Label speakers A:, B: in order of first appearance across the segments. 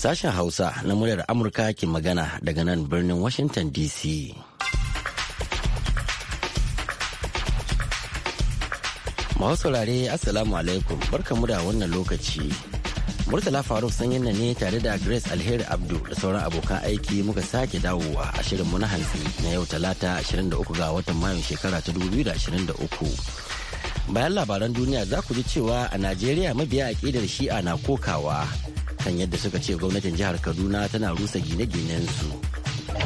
A: Sashen Hausa na muryar Amurka ke magana daga nan birnin Washington DC. Masu saurare Assalamu alaikum barkamu da wannan lokaci. Murtala Faruk sanyin yin ne tare da Grace Alheri Abdu da sauran abokan aiki muka sake dawowa a shirinmu na hantsi na yau talata 23 ga watan Mayun shekara ta 2023. bayan labaran duniya za ku ji cewa a najeriya mabiya aƙidar shi'a na kokawa kan yadda suka ce gwamnatin jihar kaduna tana rusa gine-ginen su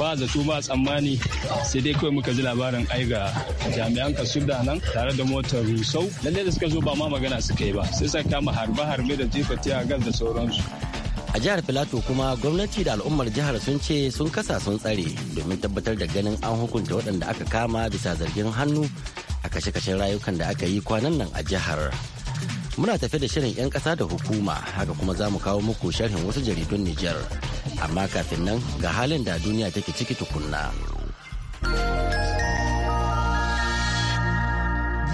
A: ba zato
B: ba tsammani sai dai kawai muka ji labarin ai ga jami'an kasuda nan tare da motar
A: rusau lalle da suka zo ba ma magana suka yi ba sai suka kama harbe-harbe da jefa tiya gas da sauransu a jihar filato kuma gwamnati da al'ummar jihar sun ce sun kasa sun tsare domin tabbatar da ganin an hukunta waɗanda aka kama bisa zargin hannu a kashe-kashen rayukan da aka yi kwanan nan a jihar. Muna tafe da shirin 'yan kasa da hukuma haka kuma za mu kawo muku sharhin wasu jaridun Nijar. Amma kafin nan ga halin da duniya take ciki tukunna.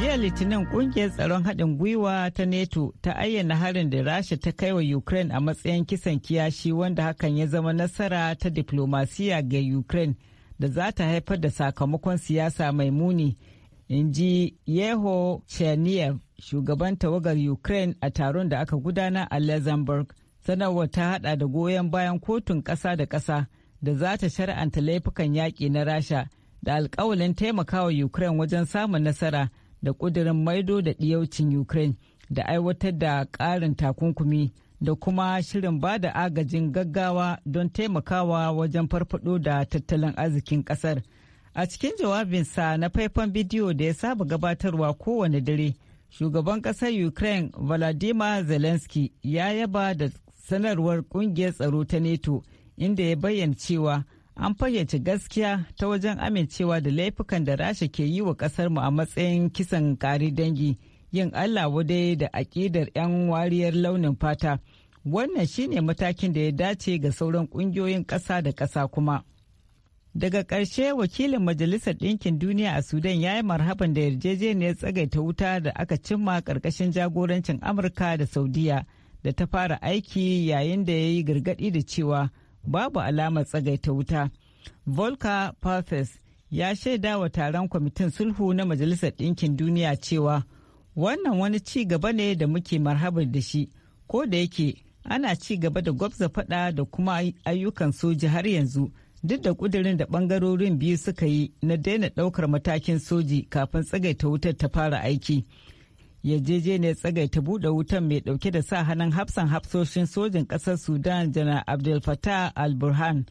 A: jiya
C: litinin kungiyar tsaron haɗin gwiwa ta neto ta ayyana harin da rasha ta kai wa ukraine a matsayin kisan kiyashi wanda hakan ya zama nasara ta diplomasiya ga ukraine da za ta haifar da sakamakon siyasa mai muni in ji yeho cherniev shugaban tawagar ukraine a taron da aka gudana a luxembourg sanarwar ta hada da goyon bayan kotun kasa da kasa da za ta shar'anta laifukan yaƙi na rasha da alkawalin taimakawa ukraine wajen samun nasara da ƙudurin maido da ɗiyaucin ukraine da aiwatar da ƙarin takunkumi da kuma shirin ba da agajin gaggawa don taimakawa wajen farfado da tattalin arzikin ƙasar. A cikin jawabinsa na faifan bidiyo da ya saba gabatarwa kowane dare, shugaban ƙasar Ukraine Vladimir Zelensky ya yaba da sanarwar ƙungiyar tsaro ta NATO inda ya bayyana cewa an fayyace gaskiya ta wajen amincewa da laifukan da rasha ke yi wa mu a matsayin kisan kari dangi yin allah wadai da aƙidar 'yan wariyar launin fata wannan shine matakin da ya dace ga sauran ƙungiyoyin ƙasa da ƙasa kuma. Daga ƙarshe wakilin Majalisar Ɗinkin Duniya a Sudan ya yi marhaban da yarjejeniyar tsagaita wuta da aka cimma ƙarƙashin jagorancin Amurka da Saudiya da ta fara aiki yayin da ya yi gargaɗi da cewa babu alamar tsagaita wuta. Volker Perthes ya shaida wa taron kwamitin sulhu na Majalisar Ɗinkin Duniya cewa wannan wani ci gaba ne da muke marhaban da shi ko da yake ana ci gaba da gwabza faɗa da kuma ayyukan soji har yanzu. duk da kudirin da bangarorin biyu suka yi na daina daukar matakin soji kafin tsagaita wutar ta fara aiki yarjejeniyar tsagaita buɗe wutar mai ɗauke da sa hannun hafsan hafsoshin sojin ƙasar sudan janar abdul fattah al-burhan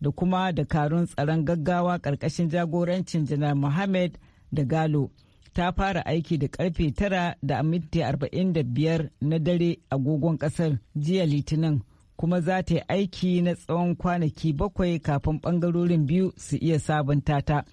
C: da kuma dakarun tsaron gaggawa ƙarƙashin jagorancin janar mohammed da galo ta fara aiki da karfe tara da minti 45 na dare agogon ƙasar jiya litinin kuma za ta yi aiki na tsawon kwanaki bakwai kafin ɓangarorin biyu su iya sabunta ta.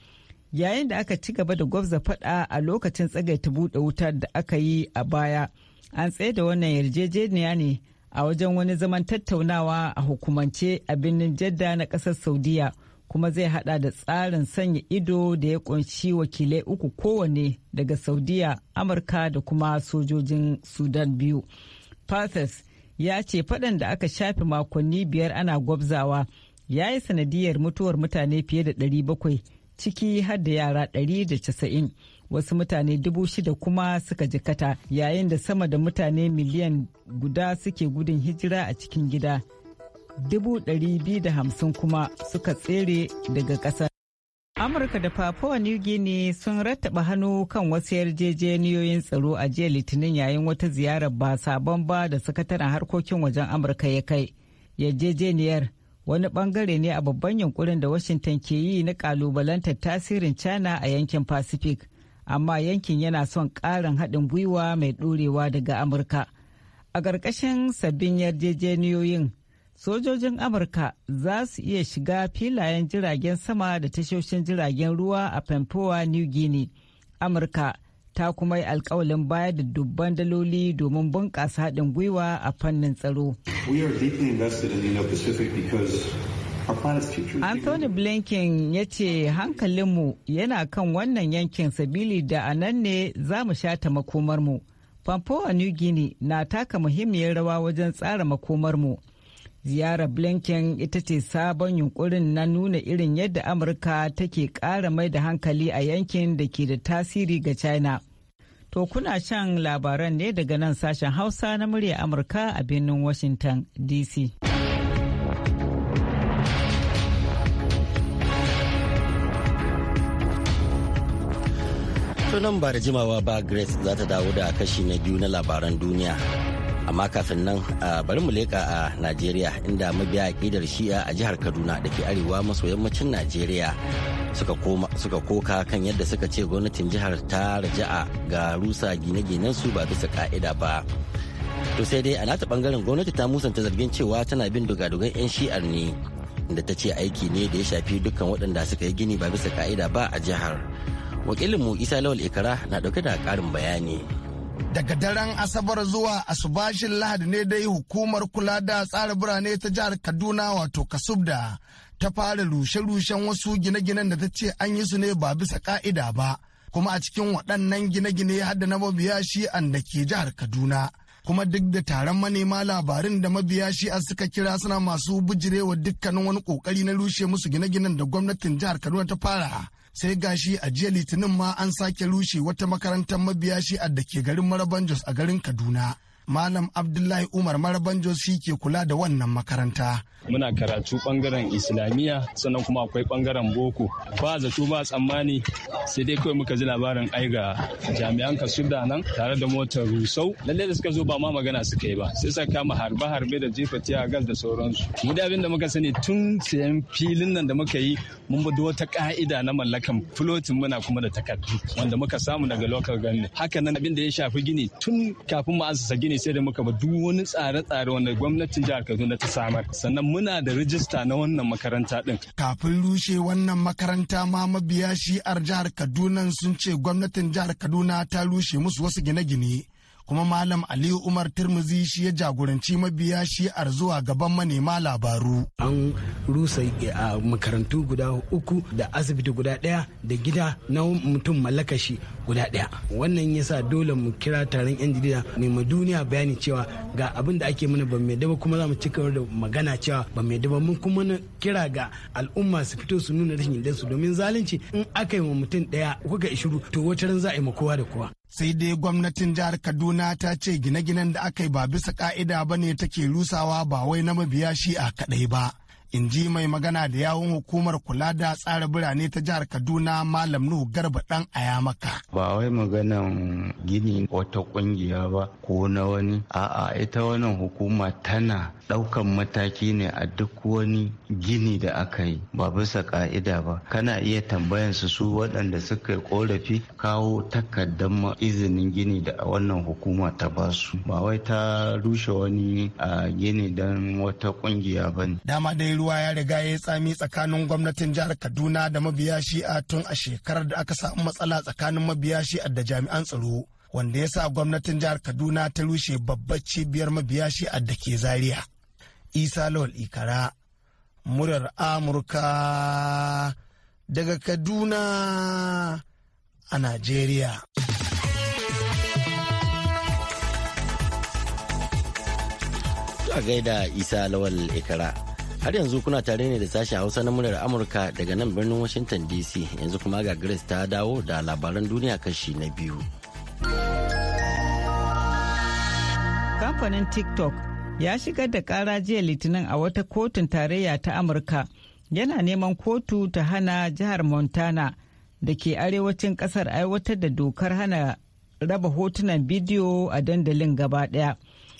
C: Yayin da aka ci gaba da gwabza faɗa a lokacin tsagaita buɗe wutar da aka yi a baya, an tsaye da wannan yarjejeniya ne a wajen wani zaman tattaunawa a hukumance a birnin jadda na ƙasar Saudiya. kuma zai hada da tsarin sanya ido da ya kunshi wakilai uku kowanne daga saudiya amurka da kuma sojojin sudan biyu Pathes, ya ce faɗan da aka shafe makonni biyar ana gwabzawa ya yi sanadiyar mutuwar mutane fiye da 700 ciki har da yara 190 wasu mutane dubu shida kuma suka jikata yayin da sama da mutane miliyan guda suke gudun hijira a cikin gida dubu 250 kuma suka tsere daga ƙasa. amurka da papua new guinea sun rattaba hannu kan wasu yarjejeniyoyin tsaro a jiya litinin yayin wata ziyarar ba sabon ba da sakataren harkokin wajen amurka ya kai yarjejeniyar wani bangare ne a babban yunkurin da washington ke yi na kalubalantar tasirin china a yankin pacific amma yankin yana son karin haɗin gwiwa mai ɗorewa daga amurka a ƙarƙashin sabbin yarjejeniyoyin sojojin amurka za su iya shiga filayen jiragen sama da tashoshin jiragen ruwa a pampoa new guinea amurka ta kuma yi alkawalin bayar da dubban daloli domin bunƙasa haɗin gwiwa a fannin tsaro Anthony Blinken ya ce hankalinmu yana kan wannan yankin sabili da a nan ne za mu shata makomarmu. Pampoa New Guinea na taka muhimmiyar rawa wajen tsara makomarmu. ziyarar blinken ita ce sabon yunkurin na nuna irin yadda amurka take ƙara mai da hankali a yankin da ke da tasiri ga china to kuna shan labaran ne daga nan sashen hausa na murya amurka a birnin washington
A: dc to ba da jimawa ba grace za ta dawo da kashi na biyu na labaran duniya amma kafin nan bari mu leƙa a najeriya inda mabiya aƙidar shi'a a jihar kaduna da ke arewa maso yammacin najeriya suka koka kan yadda suka ce gwamnatin jihar ta raja'a ga rusa gine-ginen su ba bisa ka'ida ba to sai dai a nata bangaren gwamnati ta musanta zargin cewa tana bin dogadogan 'yan shi'ar ne da ta ce aiki ne da ya shafi dukkan waɗanda suka yi gini ba bisa ka'ida ba a jihar wakilinmu isa lawal ikara na dauke da karin bayani
D: daga daren asabar zuwa asubashin lahadi ne dai hukumar kula da tsara birane ta jihar kaduna wato kasubda ta fara rushe-rushen wasu gine-ginen da ta ce an yi su ne ba bisa ka'ida ba kuma a cikin waɗannan gine-gine hada na mabiya an da ke jihar kaduna kuma duk da taron manema labarin da mabiya shi a suka kira suna masu bijirewa dukkanin wani kokari na rushe musu gine-ginen da gwamnatin jihar kaduna ta fara sai gashi a jiya litinin ma an sake rushe wata makarantar mabiya a da ke garin maraban jos a garin kaduna Malam Abdullahi Umar Marabanjo shi ke kula da wannan makaranta.
B: Muna karatu bangaren Islamiyya sannan kuma akwai bangaren Boko. Ba zato ba tsammani sai dai kawai muka ji labarin ai ga jami'an kasu da nan tare da motar rusau. Lallai da suka zo ba ma magana suka yi ba. Sai suka kama harbe harbe da jefa tiya gas da sauransu. Mu da abin da muka sani tun sayan filin nan da muka yi mun bi wata ka'ida na mallakan flotin muna kuma da takardu wanda muka samu daga local government. hakanan nan abin da ya shafi gini tun kafin mu ansa gini shine sai da muka ba duk wani tsare-tsare wanda gwamnatin jihar Kaduna ta samar sannan muna da rijista na wannan makaranta din
D: kafin rushe wannan makaranta ma mabiya shi'ar jihar Kaduna sun ce gwamnatin jihar Kaduna ta rushe musu wasu gine-gine kuma malam aliyu umar turmuzi shi ya jagoranci mabiya shi shi'ar zuwa gaban manema labaru an rusa a makarantu guda uku da asibiti guda daya da gida na mutum malakashi guda daya wannan ya sa dole mu kira taron yan jarida mai ma duniya bayani cewa ga abin da ake mana ba mai daba kuma za mu ci da magana cewa ba mai daba mun kuma kira ga al'umma su fito su nuna rashin su domin zalunci in aka yi ma mutum daya kuka ishuru to wata ran za a yi ma kowa da kowa sai dai gwamnatin jihar kaduna ta ce gine-ginen da aka yi ba bisa ka'ida ba ne take rusawa ba wai na mabiya shi a kaɗai ba in ji mai magana da yawun hukumar kula da tsara birane ta jihar kaduna malam nuhu garba dan ayamaka ba wai maganan gini wata kungiya ba ko na wani a'a ita wannan hukuma tana Daukan mataki ne a duk wani gini da aka yi ba bisa ka'ida ba kana iya tambayan su su waɗanda suka korafi kawo takardar izinin gini da wannan hukuma ta basu ba wai ta rushe wani a gini don wata kungiya ba ne dama dai ruwa ya riga ya tsami tsakanin gwamnatin jihar kaduna da mabiya shi'a tun a shekarar da aka samu matsala tsakanin mabiya shi'a da jami'an tsaro wanda ya sa gwamnatin jihar kaduna ta rushe babbar cibiyar mabiya shi'a da ke zaria isa lawal ikara murar amurka daga kaduna a najeriya
A: a gaida isa lawal ikara har yanzu kuna tare ne da sashen hausa na muryar amurka daga nan birnin washington dc yanzu kuma ga grace ta dawo da labaran duniya kashi na biyu
C: kamfanin tiktok ya shigar da kara jiya litinin a wata kotun tarayya ta amurka yana neman kotu ta hana jihar montana da ke arewacin kasar aiwatar da dokar hana raba hotunan bidiyo a dandalin gaba daya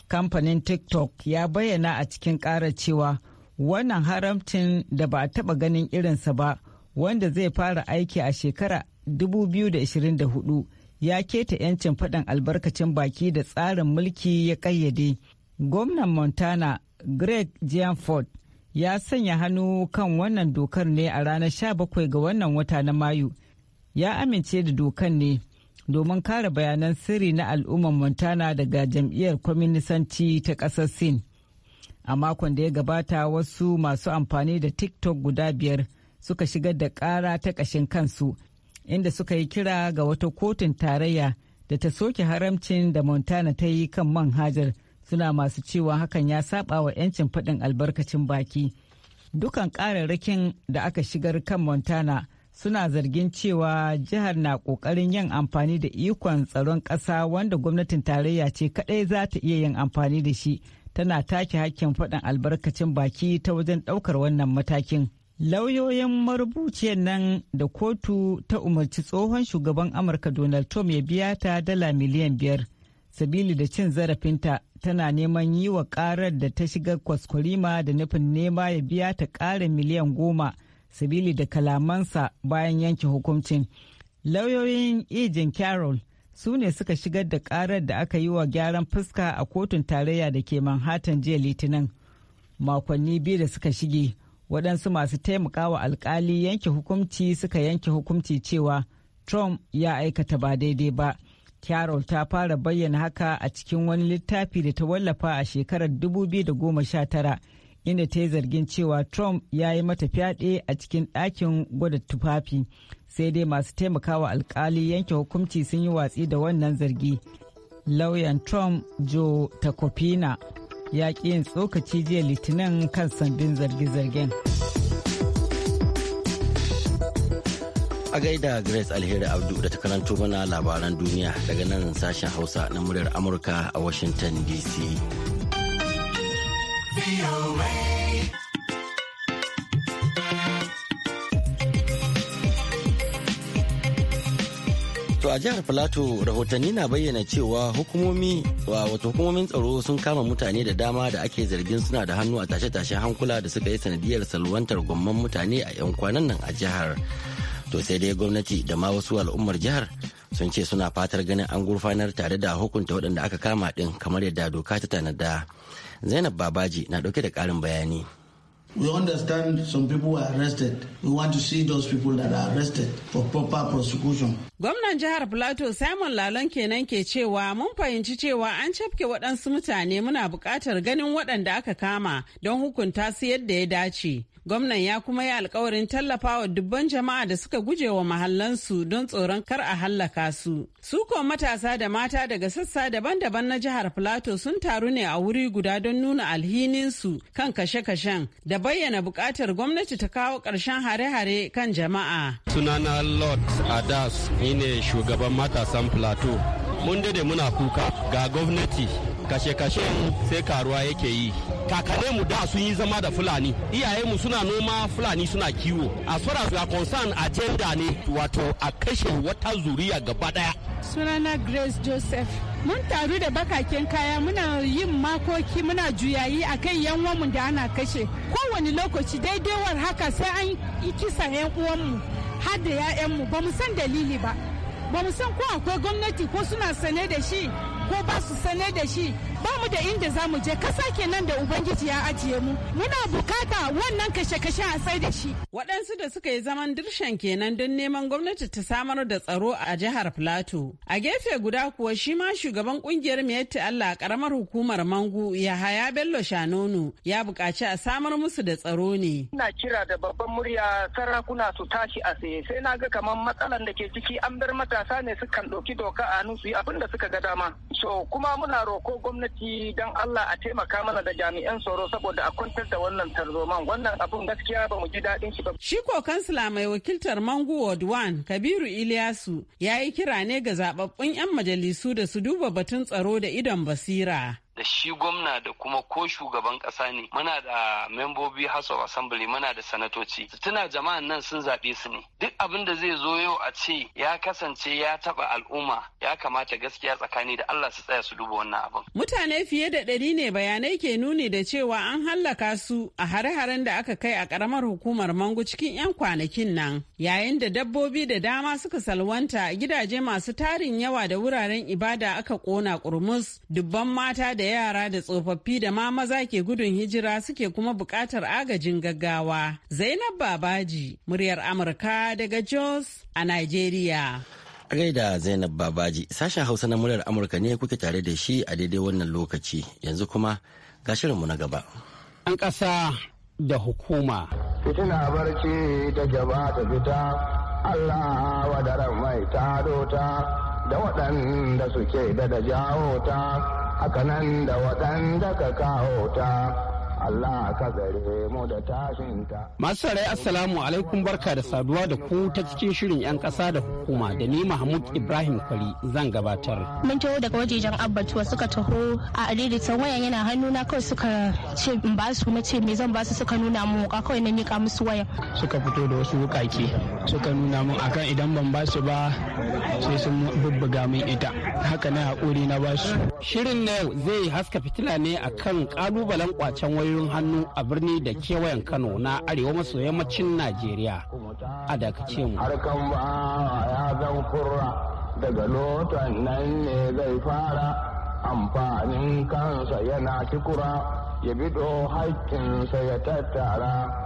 C: kamfanin tiktok ya bayyana a cikin kara cewa wannan haramcin da ba a taba ganin irinsa ba wanda zai fara aiki a shekara 2024 ya keta 'yancin faɗin albarkacin baki da tsarin mulki ya ƙayyade Gwamnan Montana Greg Gianford ya sanya hannu kan wannan dokar ne a ranar 17 ga wannan wata na Mayu. Ya amince da dokan ne domin kare bayanan sirri na al'ummar Montana daga jam'iyyar kwaminisanci ta ƙasar Sin. A makon da ya gabata wasu masu amfani da TikTok guda biyar suka shigar da ƙara ta ƙashin kansu, inda suka yi kira ga wata kotun tarayya da ta soke haramcin da Montana ta yi kan manhajar. suna masu cewa hakan ya saba wa 'yancin faɗin albarkacin baki. Dukan ƙararrakin da aka shigar kan Montana suna zargin cewa jihar na ƙoƙarin yin amfani da ikon tsaron ƙasa wanda gwamnatin tarayya ce kaɗai za ta iya yin amfani da shi tana take hakkin faɗin albarkacin baki ta wajen ɗaukar wannan matakin. Lauyoyin marubuciyar nan da kotu ta umarci tsohon shugaban Amurka Donald Trump ya biya ta dala miliyan biyar. sabili da cin zarafinta tana neman yi wa karar da ta shiga kwaskwarima da nufin nema ya biya ta ƙara miliyan goma sabili da kalamansa bayan yanke hukuncin. Lauyoyin Ejin carol su ne suka shigar da ƙarar da aka yi wa gyaran fuska a kotun tarayya da ke Manhattan jiya Litinin. Makonni biyu da suka shige, waɗansu masu taimakawa alkali yanke hukunci suka yanke hukunci cewa Trump ya aikata ba daidai ba. Carol ta fara bayyana haka a cikin wani littafi da ta wallafa a shekarar 2019 inda ta yi zargin cewa Trump ya yi mata fyaɗe a cikin ɗakin gwada tufafi. Sai dai masu taimakawa alkali yanke hukunci sun yi watsi da wannan zargi. Lauyan Trump Joe Takopina ya ƙi yin tsokaci jiya litinin kan sandin zarge-zargen.
A: A gaida Grace Alheri Abdu da ta karanto mana labaran duniya daga nan sashen Hausa na muryar Amurka a Washington DC. To a jihar Filato rahotanni na bayyana cewa hukumomi wato hukumomin tsaro sun kama mutane da dama da ake zargin suna da hannu a tashe-tashen hankula da suka yi sanadiyar salwantar gwamman mutane a 'yan kwanan nan a jihar. to sai dai gwamnati da ma wasu al'ummar jihar sun ce suna fatar ganin an gurfanar tare da hukunta waɗanda aka kama din kamar yadda doka ta tanada zainab babaji na ɗauke da ƙarin bayani
D: We understand some people were arrested. We want to see those people that
A: are arrested for proper prosecution.
E: Gwamnan jihar Plateau Simon Lalon kenan ke cewa mun fahimci cewa an cafke waɗansu mutane muna buƙatar ganin waɗanda aka kama don hukunta su yadda ya dace. Gwamnan ya kuma yi alkawarin wa dubban jama'a da suka guje wa mahallansu don tsoron kar a hallaka su. ko matasa da mata daga sassa daban-daban na jihar Plateau sun taru ne a wuri guda don nuna alhininsu kan kashe-kashen da bayyana buƙatar gwamnati ta kawo ƙarshen hare-hare kan jama'a.
F: Sunana Lord Adas, ne shugaban matasan Plateau. Mun dade muna kuka ga gwamnati kashe-kashen sai karuwa yake yi kakane mu da sun yi zama da fulani iyaye mu suna noma fulani suna kiwo a far su we agenda ne wato a kashe wata zuriya gaba daya
E: sunana grace joseph mun taru da bakaken kaya muna yin makoki muna juyayi a kan yanwanmu da ana kashe kowane lokaci daidaiwar haka sai an yi kisa yan uwanmu har da 'ya'yanmu ba mu san dalili ba ba mu san ko akwai gwamnati ko suna sane da shi ko ba su sane da shi ba mu da inda za mu je kasa kenan da ubangiji ya ajiye mu muna bukata wannan kashe-kashe a sai da shi waɗansu da suka yi zaman dirshan kenan don neman gwamnati ta samar da tsaro a jihar plato a gefe guda kuwa shi ma shugaban kungiyar miyatti allah a karamar hukumar mangu yahaya bello shanonu ya buƙaci a samar musu da tsaro ne ina kira da babban murya sarakuna su tashi a
F: tsaye sai na ga kamar matsalan da ke ciki an bar matasa ne sukan ɗauki doka a hannu su abin da suka ga
D: dama so kuma muna roko gwamnati gwamnati don Allah a taimaka mana da jami'an tsaro saboda a kwantar da wannan tarzoman wannan abun gaskiya ba mu ji daɗin shi ba.
E: Shi ko kansila mai wakiltar Mangu Ward 1 Kabiru Iliyasu ya yi kira ne ga zaɓaɓɓun 'yan majalisu da su duba batun tsaro da idon basira.
F: da shi gwamna da kuma ko shugaban kasa ne muna da membobi house of assembly muna da sanatoci tuna jama'an nan sun zaɓe su ne duk abin da zai zo yau a ce ya kasance ya taɓa al'umma ya kamata gaskiya tsakani
A: da Allah su tsaya su duba wannan abin.
E: Mutane fiye da ɗari ne bayanai ke nuni da cewa an hallaka su a hare-haren da aka kai a ƙaramar hukumar Mangu cikin 'yan kwanakin nan yayin da dabbobi da dama suka salwanta gidaje masu tarin yawa da wuraren ibada aka ƙona ƙurmus dubban mata da yara da tsofaffi da ma maza ke gudun hijira suke kuma buƙatar agajin gaggawa. Zainab Babaji, muryar Amurka daga Jos a Nigeria.
A: A gaida Zainab Babaji, sashen Hausa na muryar Amurka ne kuke tare da shi a daidai wannan lokaci. Yanzu kuma ga shirinmu na gaba. An ƙasa da hukuma.
G: Fitina barci da gaba ta fita, Allah wadaran mai ta da waɗanda suke da da jawo ta. hakanan da waɗanda ka kawo ta Allah ka gare mu da tashin ta.
F: Masu sarai Assalamu alaikum barka da saduwa da ku ta cikin shirin 'yan ƙasa da hukuma da ni Mahmud Ibrahim Kwari zan gabatar.
H: Mun taho daga wajejen abbatuwa suka taho a ta wayan yana na kawai suka ce in ba su na me zan ba su suka nuna mu ka kawai na mika musu wayan.
F: Suka fito da wasu wukaki suka nuna mun akan idan ban ba su ba sai sun bubbuga min ita haka na haƙuri na ba su. Shirin na yau zai haska fitila ne akan ƙalubalen kwacen wayoyi wayoyin hannu a birni da kewayen kano na arewa maso yammacin najeriya a dakace
G: mu harkan ba ya zan kurra daga lotan nan ne zai fara amfanin kansa yana cikura ya bido haƙƙinsa ya tattara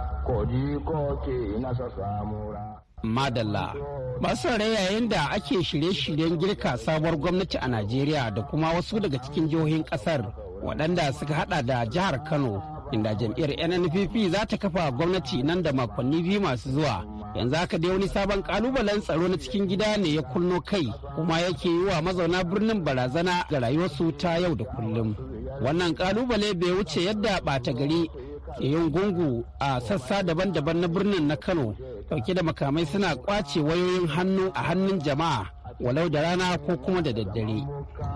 F: Madalla. Masu yayin da ake shirye-shiryen girka sabuwar gwamnati a Najeriya da kuma wasu daga cikin jihohin kasar waɗanda suka hada da jihar Kano inda jam'iyyar nnpp za ta kafa gwamnati nan da makonni biyu masu zuwa yanzu haka dai wani sabon kalubalen tsaro na cikin gida ne ya kulno kai kuma yake yi wa mazauna birnin barazana ga rayuwarsu ta yau da kullum wannan kalubale bai wuce yadda bata gari ke yin gungu a sassa daban-daban na birnin na kano dauke da makamai suna kwace wayoyin hannu a hannun jama'a walau da rana ko kuma da daddare.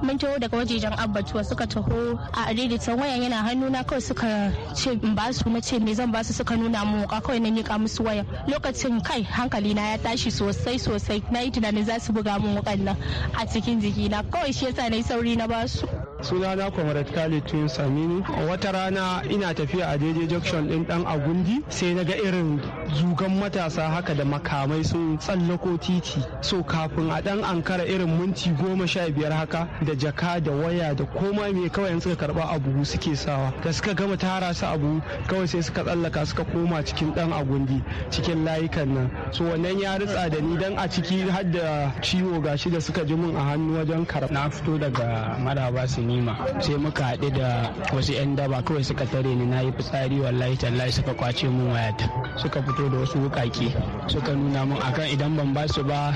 H: Mun taho daga wajejen tuwa suka taho a adilitan wayan yana na kawai suka ce in ba su mace me zan ba su suka nuna mu ka kawai na mika musu waya Lokacin kai hankali na ya tashi sosai sosai na yi tunanin za su buga mu wukan nan a cikin jiki na kawai shi yasa na yi sauri na ba su.
F: sunana comrade khalid tun samini wata rana ina tafiya a daidai junction din dan agundi sai na ga irin zugan matasa haka da makamai sun tsallako titi so kafin a dan ankara irin minti goma sha biyar haka da jaka da waya da komai mai kawai suka karba abu suke sawa da suka gama tara su abu kawai sai suka tsallaka suka koma cikin dan agundi cikin layukan nan so wannan ya ritsa da ni dan a ciki har da ciwo gashi da suka ji min a hannu wajen karba na fito daga maraba sun ganima sai muka haɗu da wasu 'yan daba kawai suka tare ni na yi fitsari wallahi tallahi suka kwace mun wayata suka fito da wasu wukaki suka nuna mun akan idan ban ba su ba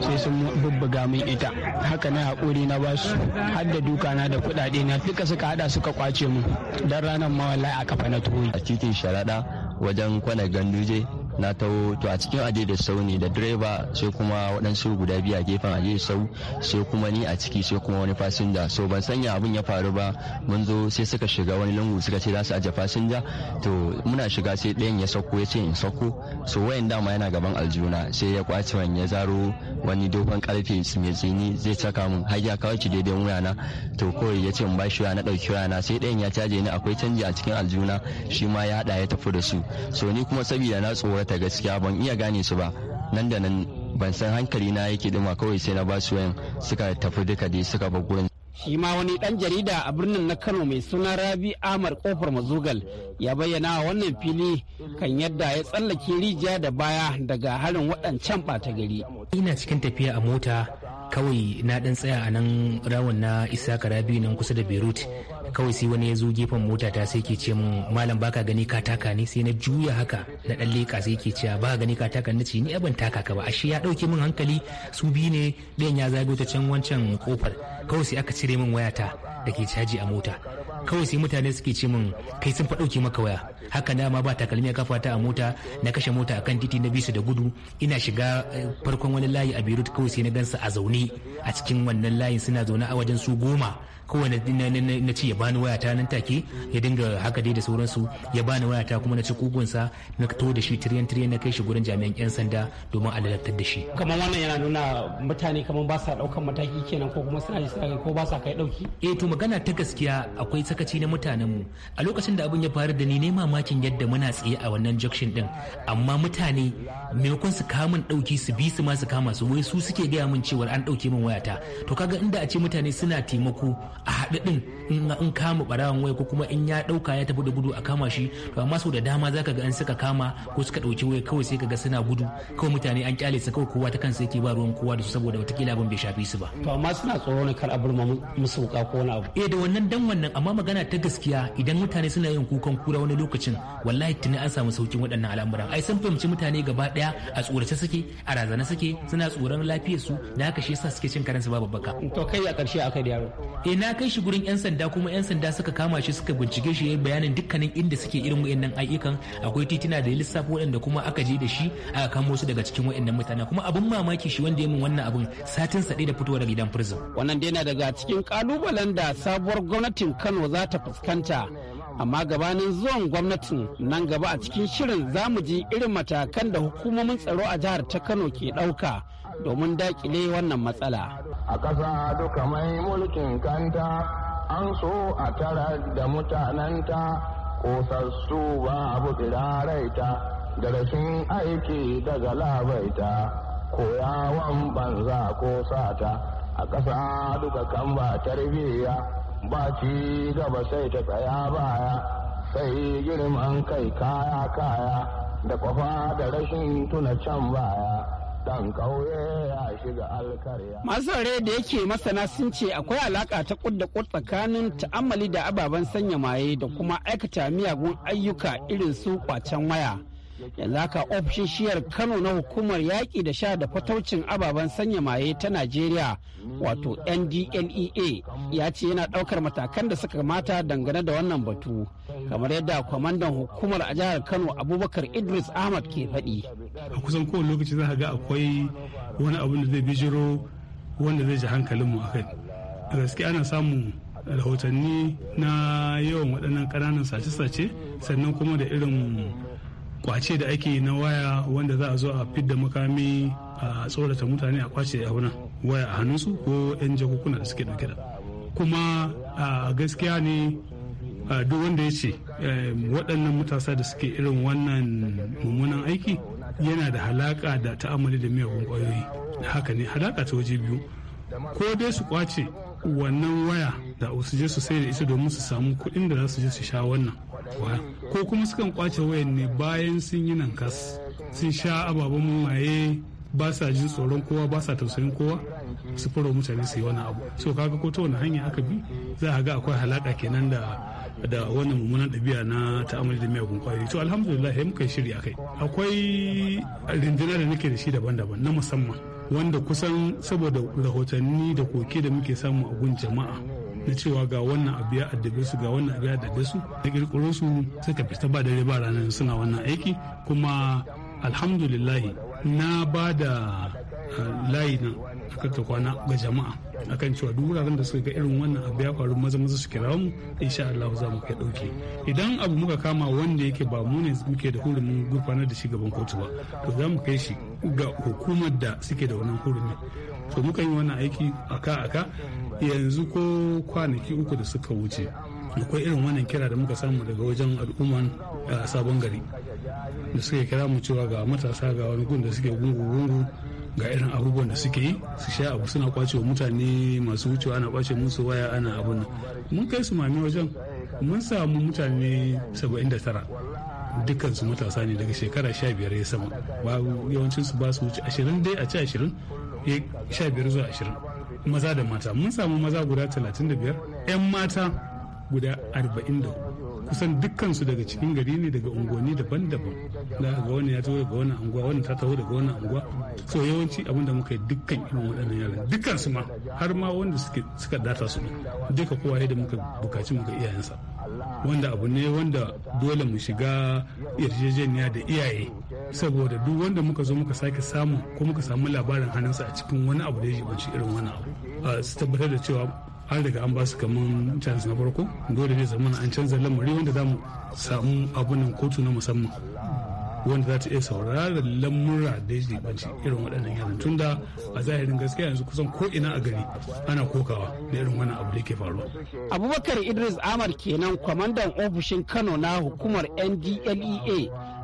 F: sai sun bubbuga min ita haka na haƙuri na ba su har da duka na da kuɗaɗe na duka suka haɗa suka kwace mun dan ranar ma wallahi a kafa na
A: tuwo a cikin sharaɗa wajen kwana ganduje na taho to a cikin aje da sau ne da direba sai kuma waɗansu guda biyu a gefen aje da sau sai kuma ni a ciki sai kuma wani fasinja so ban sanya abin ya faru ba mun zo sai suka shiga wani lungu suka ce za su aje fasinja to muna shiga sai ɗayan ya sauko ya ce in sauko so wayan dama yana gaban aljuna sai ya kwace wani ya zaro wani dogon karfe mai tsini zai caka mun har ya kawo daidai wuyana to kawai ya ce in bashi shi na ɗauki na sai ɗayan ya caje ni akwai canji a cikin aljuna shi ma ya haɗa ya tafi da su so ni kuma saboda na tsoro. ta gaskiya ban iya gane su ba nan da nan ban san hankali na yake dima kawai sai na ba su wayan suka tafi duka dai suka bar gurin
F: shi ma wani dan jarida a birnin na kano mai suna rabi amar kofar mazugal ya bayyana wannan fili kan yadda ya tsallake rijiya da baya daga harin waɗancan
H: ɓata gari ina cikin tafiya a mota kawai na dan tsaya a nan rawan na isa karabi nan kusa da beirut kawai sai wani ya zo gefen mota ta sai ke ce min malam baka gani ka taka ne sai na juya haka na dan leka sai ke cewa ba gani ka taka ce ni ban taka ka ba ashe ya dauke min hankali su bi ne ɗayan ya zago ta can wancan kofar kawai sai aka cire min wayata da ke caji a mota kawai sai mutane suke ce min kai sun faɗauke maka waya haka na ma ba takalmi a kafa a mota na kashe mota akan titi na bisu da gudu ina shiga eh, farkon wani layi a Beirut kawai sai na gansa a zaune a cikin wannan layin suna zaune a wajen su goma kowane na ci ya bani wayata nan take ya dinga haka dai da sauransu ya bani wayata kuma na ci kugunsa na to da shi tiriyan tiriyan na kai shi gurin jami'an yan sanda domin a lalatar da shi kamar wannan yana nuna mutane kamar ba sa daukan mataki kenan ko kuma suna suna ko ba sa kai dauki eh to magana ta gaskiya akwai sakaci na mutanen mu a lokacin da abin ya faru da ni ne mamakin yadda muna tsaye a wannan junction din amma mutane maimakon su mun dauki su bi su ma su kama su wai su suke gaya min cewa an dauke min wayata to kaga inda a ce mutane suna taimako a haɗe ɗin in kama ɓarawan waya ko kuma in ya ɗauka ya tafi da gudu a kama shi to amma sau da dama za ka ga an suka kama ko suka ɗauki waya kawai sai ka ga suna gudu kawai mutane an kyale su kawai kowa ta kansa yake ba ruwan kowa da su saboda watakila abin bai shafi su ba. to amma suna tsoro ne kar a burma musu wuka ko wani abu. eh da wannan dan wannan amma magana ta gaskiya idan mutane suna yin kukan kura wani lokacin wallahi tuni an samu saukin waɗannan al'amuran ai san fahimci mutane gaba ɗaya a tsorace suke a razana suke suna tsoron lafiyarsu na haka shi yasa suke cin karansu babu baka. to kai a ƙarshe akai da yaro. eh na ya kai shi gurin 'yan sanda kuma 'yan sanda suka kama shi suka bincike shi ya bayanin dukkanin inda suke irin wayannan ayyukan akwai titina da lissafi waɗanda kuma aka je da shi aka kamo su daga cikin wayannan mutane kuma abin mamaki shi wanda ya min wannan abin satin sa da fitowa daga gidan prison wannan dai na daga cikin
F: kalubalen da sabuwar gwamnatin Kano za ta fuskanta amma gabanin zuwan gwamnatin nan gaba a cikin shirin zamu ji irin matakan da hukumomin tsaro a jihar ta Kano ke ɗauka domin dakile wannan matsala.
G: A ƙasa duka mai mulkin kanta an so a tara da mutananta kosassu ba abu tsiraraita da rashin aiki daga labaita koyawan banza ko sata a ƙasa duka kan ba tarbiyya ba ci gaba sai ta tsaya baya sai girman kai kaya kaya da kwafa da rashin tuna can baya. ɗan ƙauye ya shiga
F: Masu rare da yake masana sun ce akwai alaƙa ta kudda kud tsakanin ta'ammali da ababen sanya maye da kuma aikata miyagun ayyuka irin su kwacen waya. yanzu ofishin ofishiyar kano na hukumar yaƙi da sha da fataucin ababen sanya maye ta najeriya wato ndlea ya ce yana ɗaukar matakan da suka mata dangane da wannan batu kamar yadda kwamandan hukumar a jihar kano abubakar idris ahmad ke faɗi
B: a kusan kowane lokaci za ga akwai wani abin da zai bijiro wanda zai ji hankalinmu a kai a gaske ana samun rahotanni na yawan waɗannan ƙananan sace-sace sannan kuma da irin kwace da ake na waya wanda za a zo a fidda makami a tsorata mutane a kwace a waya a hannunsu ko 'yan jakukuna da suke dauke da kuma a gaskiya ne duk wanda ya ce waɗannan matasa da suke irin wannan mummunan aiki yana da halaka da ta'amali da miyagun ƙwayoyi haka ne halaka ta waje biyu ko dai su kwace wannan waya da su je su sai da ita domin su samu kuɗin da za su je su sha wannan waya ko kuma sukan kwace wayan ne bayan sun yi nan kas sun sha ababen maye ba sa jin tsoron kowa ba sa tausayin kowa su fara mutane su yi wani abu so kaga ko ta wani hanya aka bi za a ga akwai halaka kenan da da wannan mummunan ɗabi'a na ta'amali da miyagun kwayoyi to alhamdulillah ya muka shiri akai akwai rindina da nake da shi daban-daban na musamman wanda kusan saboda rahotanni da koke da muke samu a gun jama'a na cewa ga wannan abu ya addabe su ga wannan abu ya addabe su da kirkiro su suka fita ba dare ba ranar suna wannan aiki kuma alhamdulillah na ba da eh, layi na ta kwana ga jama'a akan cewa duk wuraren da suka ga irin wannan abu ya faru maza maza su kira mu insha Allah za mu kai dauke idan abu muka kama wanda yake ba mu ne muke da hurumin gurfanar da shi gaban kotu ba to za mu kai shi ga hukumar da suke da wannan hurumi to muka yi wannan aiki aka aka yanzu ko kwanaki uku da suka wuce akwai irin wannan kira da muka samu daga wajen al'umman eh, sabon gari da suke kira mu cewa ga matasa ga wani gun da suke gungu-gungu ga irin abubuwan da suke yi su sha abu suna kwacewa mutane masu wucewa ana kwace musu waya ana abun nan mun kai su mami wajen mun samu mutane 79 dukansu matasa ne daga shekara 15 ya sama ba yawancin su ba su wuce 20 dai a ci 20 15 zuwa 20 maza da mata mun samu maza guda 35 'yan mata guda 44 kusan dukkansu daga cikin gari ne daga unguwanni daban-daban da ga wani ya tawo daga wani unguwa wani ta tawo daga wani unguwa so yawanci abin da muka yi dukkan irin waɗannan yaran dukkansu ma har ma wanda suka data su ne duka kowa da muka bukaci muka iyayensa wanda abu ne wanda dole mu shiga yarjejeniya da iyaye saboda duk wanda muka zo muka sake samu ko muka samu labarin hannunsa a cikin wani abu da ya shi irin wani abu su tabbatar da cewa har daga an ba su kaman chance na farko dole ne zamana an canza lamari wanda za mu samu abunan kotu na musamman wanda za ta iya saurara lamura da ya jibanci irin waɗannan yaran da a zahirin gaskiya yanzu kusan ko ina a gari ana kokawa da irin wannan abu da ke faruwa.
F: abubakar idris ahmad kenan kwamandan ofishin kano na hukumar ndlea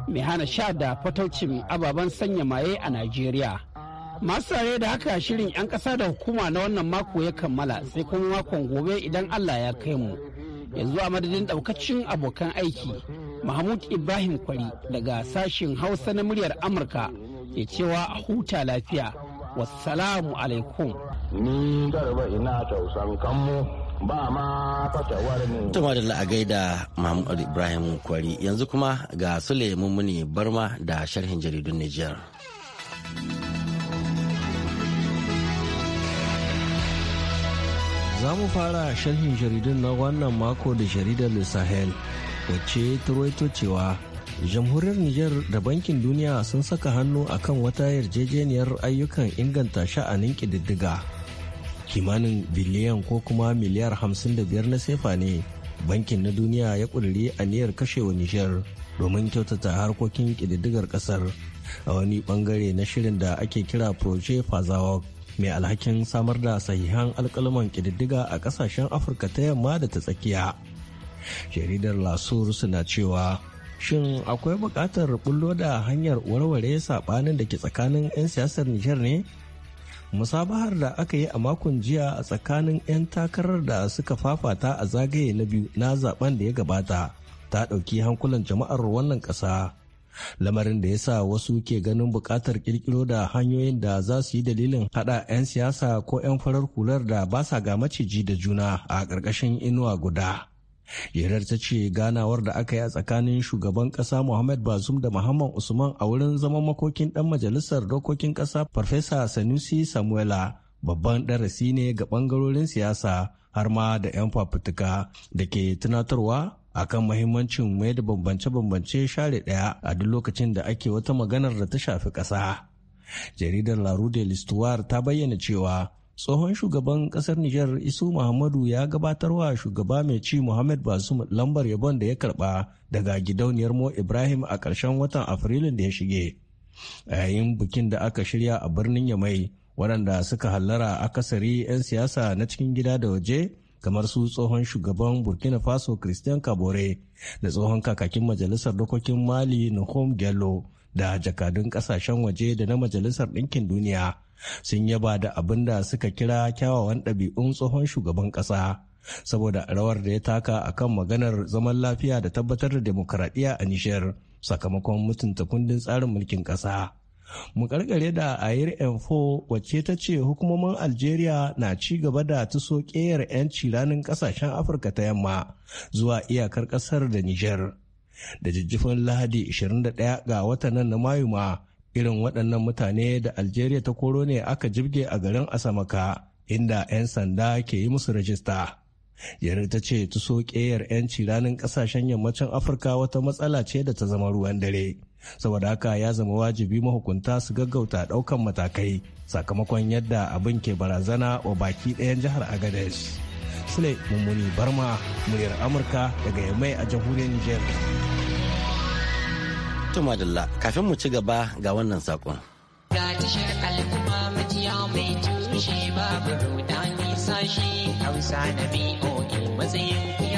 F: mai hana sha da fataucin ababen sanya maye a najeriya. masu saye da haka shirin 'yan ƙasa da hukuma na wannan mako ya kammala sai kuma makon gobe idan allah ya kai mu yanzu a madadin daukacin abokan aiki mahmud ibrahim kwari daga sashen hausa na muryar amurka ke cewa a huta
G: lafiya wasalamu alaikum ni garba ina tausan kanmu ba ma fatawar
A: ne. a gaida Mahmud Ibrahim Kwari yanzu kuma ga Sule Mummuni Barma da sharhin jaridun Nijar.
I: Za mu fara sharhin jaridun na wannan mako da jaridar Le Sahel wacce ta cewa jamhuriyar niger da bankin duniya sun saka hannu a kan wata yarjejeniyar ayyukan inganta sha'anin kididdiga Kimanin biliyan ko kuma miliyar 55 na sefa ne bankin na duniya ya a aniyar kashewa niger domin kyautata harkokin kididdigar kasar a wani bangare na shirin da ake kira Proje Fazawok mai alhakin samar da sahihan alkalaman ƙididdiga a ƙasashen afirka ta yamma da ta tsakiya jaridar lasur suna cewa shin akwai buƙatar bullo da hanyar warware saɓanin da ke tsakanin 'yan siyasar nijar ne musabahar da aka yi a makon jiya a tsakanin 'yan takarar da suka fafata a zagaye na biyu na zaben da ya gabata ta ɗauki hankulan jama'ar wannan ƙasa lamarin da ya sa wasu ke ganin buƙatar ƙirƙiro da hanyoyin da za su yi dalilin haɗa 'yan siyasa ko 'yan farar hular da ba sa ga maciji da juna a ƙarƙashin inuwa guda. Yarar ta ce ganawar da aka yi a tsakanin shugaban ƙasa Muhammad Bazum da Muhammad Usman a wurin zaman makokin Ɗan majalisar dokokin Ƙasa Farfesa Sanusi Samuela babban darasi ne ga bangarorin siyasa har ma da 'yan fafutuka da ke tunatarwa akan mahimmancin mai da bambance-bambance share ɗaya a duk lokacin da ake wata maganar da ta shafi ƙasa. Jaridar La Rue de ta bayyana cewa tsohon shugaban ƙasar Nijar Isu Muhammadu ya gabatarwa shugaba mai ci Muhammad basum lambar yabon da ya karba, daga gidauniyar Mo Ibrahim a ƙarshen watan Afrilun da ya shige. A yayin bikin da aka shirya a birnin Yamai, waɗanda suka hallara akasari 'yan siyasa na cikin gida da waje kamar su tsohon shugaban burkina faso christian kabore da tsohon kakakin majalisar dokokin mali nahom gello da jakadun kasashen waje da na majalisar ɗinkin duniya sun yaba da abin da suka kira kyawawan ɗabi'un tsohon shugaban ƙasa saboda rawar da ya taka akan maganar zaman lafiya da tabbatar da demokaradiyya a nishir sakamakon mutunta kundin tsarin mulkin ƙasa mu karkare da ayir enfo wacce ta ce hukumomin algeria na ci gaba da tuso ƙeyar 'yanci ranar ƙasashen afirka ta yamma zuwa iyakar ƙasar da niger da jijjifin lahadi 21 ga watan na mayu ma irin waɗannan mutane da algeria ta koro ne aka jibge a garin asamaka inda 'yan sanda ke yi musu rajista yarin ta ce tuso ƙeyar 'yanci ranar ƙasashen yammacin afirka wata matsala ce da ta zama ruwan dare. saboda haka ya zama wajibi mahukunta su gaggauta daukan matakai sakamakon yadda abin ke barazana wa baki ɗayan jihar agadez sule mummuni barma muryar amurka daga yamai a jamhuriyar niger
A: tumadilla kafin mu ci gaba ga wannan sakon
H: ga tashar majiya mai babu sashi hausa na boa matsayin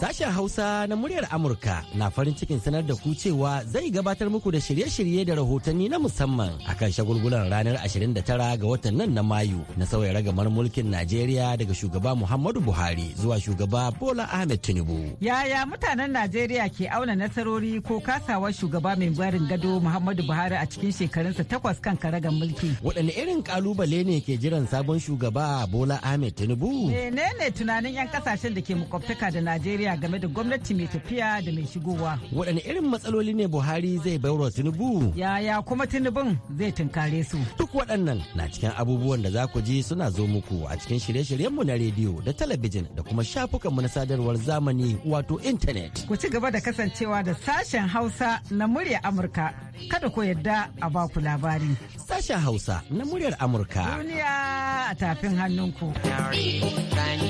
A: Sashen Hausa na muryar Amurka na farin cikin sanar da ku cewa zai gabatar muku da shirye-shirye da rahotanni na musamman akan shagulgulan ranar 29 ga watan nan na Mayu na sauya ragamar mulkin Najeriya daga shugaba Muhammadu Buhari zuwa shugaba Bola Ahmed Tinubu.
C: Yaya mutanen Najeriya ke auna nasarori ko kasawar shugaba mai barin gado Muhammadu Buhari a cikin shekarunsa takwas kan karagan mulki.
A: Waɗanne irin kalubale ne ke jiran sabon shugaba Bola Ahmed Tinubu?
C: Menene tunanin 'yan ƙasa kasashen da ke makwabtaka da Najeriya game da gwamnati mai tafiya da
A: mai shigowa. Waɗanne irin matsaloli ne Buhari zai baiwa Tinubu? Yaya kuma Tinubun zai tunkare su? Duk waɗannan na cikin abubuwan da za ku ji suna zo muku a cikin shirye-shiryenmu na rediyo da talabijin da kuma shafukanmu na sadarwar zamani wato intanet. Ku ci gaba
C: da kasancewa da sashen Hausa na murya Amurka. Kada ku yarda a ba ku labari.
A: Sashen Hausa na muryar Amurka.
C: Duniya a tafin hannunku.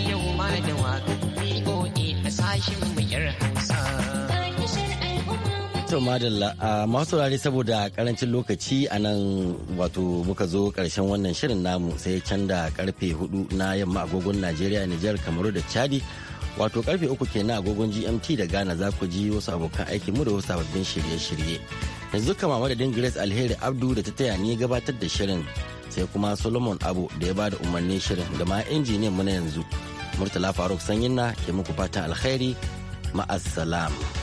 I: Yau ma da
A: masu rari saboda karancin lokaci a nan wato muka zo karshen wannan shirin namu sai canza karfe hudu na yamma agogon Najeriya Nijar Kamaru da Chadi wato karfe uku na agogon GMT da Ghana za ku ji wasu abokan aiki mu da wasu sababbin shirye-shirye. Yanzu kama madadin Grace Alheri Abdu da ta taya ni gabatar da shirin sai kuma solomon abu da ya bada umarnin shirin da ma injiniyan mu na yanzu Murtala Faruk Sanyin na ke muku fatan alkhairi ma'assalam.